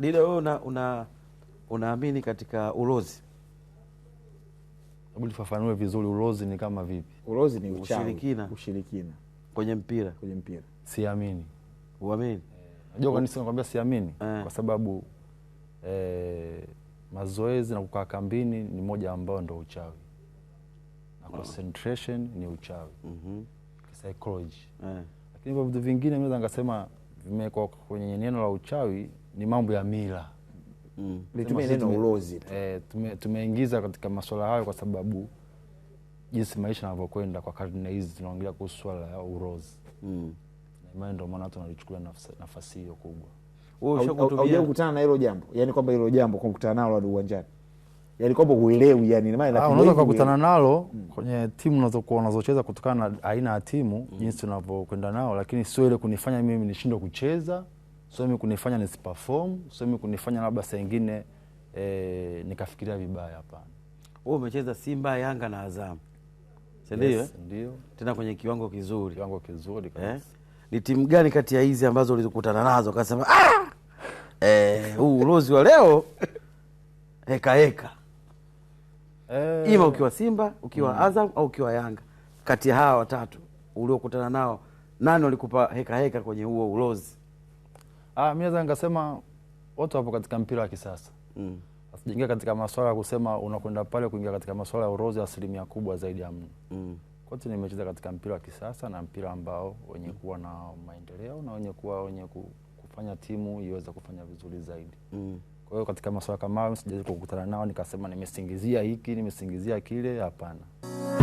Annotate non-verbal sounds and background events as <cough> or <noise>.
Lile wewe una, una unaamini katika ulozi? Hebu vizuri, ulozi ni kama vipi? Ulozi ni ushirikina. Ushirikina kwenye mpira, kwenye mpira. Siamini. Uamini? najua kwa nini kwambia siamini? Eh. Kwa sababu eh, mazoezi na kukaa kambini ni moja ambayo ndo uchawi na oh. concentration ni uchawi mm -hmm. psychology eh. Lakini hivyo vitu vingine naweza nikasema vimewekwa kwenye neno la uchawi ni mambo ya mila mm. Litumie neno ulozi tu. E, tumeingiza tume katika masuala hayo kwa sababu jinsi maisha yanavyokwenda kwa karne hizi tunaongelea kuhusu swala ya urozi mm. Imani ndio maana watu wanalichukulia nafasi hiyo kubwa. Wewe kukutana na hilo jambo, yaani kwamba hilo jambo kwa kukutana nalo hadi uwanjani, yaani kwamba huelewi, yani maana ah, unaweza kukutana nalo mm. kwenye timu unazokuwa unazocheza kutokana na aina ya timu mm. jinsi unavyokwenda nao, lakini sio ile kunifanya mimi nishindwe kucheza mm sio kunifanya nisiperform, sio kunifanya labda saa nyingine e, eh, nikafikiria vibaya. Hapana, wewe umecheza Simba, Yanga na Azam, si ndio? Yes, ndio, tena kwenye kiwango kizuri, kiwango kizuri kabisa eh? Ni timu gani kati ya hizi ambazo ulizokutana nazo kasema ah, eh, huu ulozi wa leo <laughs> heka heka eh, ima ukiwa Simba ukiwa mm, Azam au ukiwa Yanga, kati ya hawa watatu uliokutana nao nani walikupa heka heka kwenye huo ulozi? Ah, mimi naweza nikasema watu wapo katika mpira wa kisasa mm. Asijaingia katika masuala ya kusema unakwenda pale kuingia katika masuala ya urozi asilimia kubwa zaidi ya mno mm. Kote nimecheza katika mpira wa kisasa na mpira ambao wenye mm. kuwa na maendeleo na wenye kuwa wenye kufanya timu iweze kufanya vizuri zaidi mm. Kwa hiyo katika masuala kama hayo sijaweza kukutana nao nikasema nimesingizia hiki nimesingizia kile, hapana.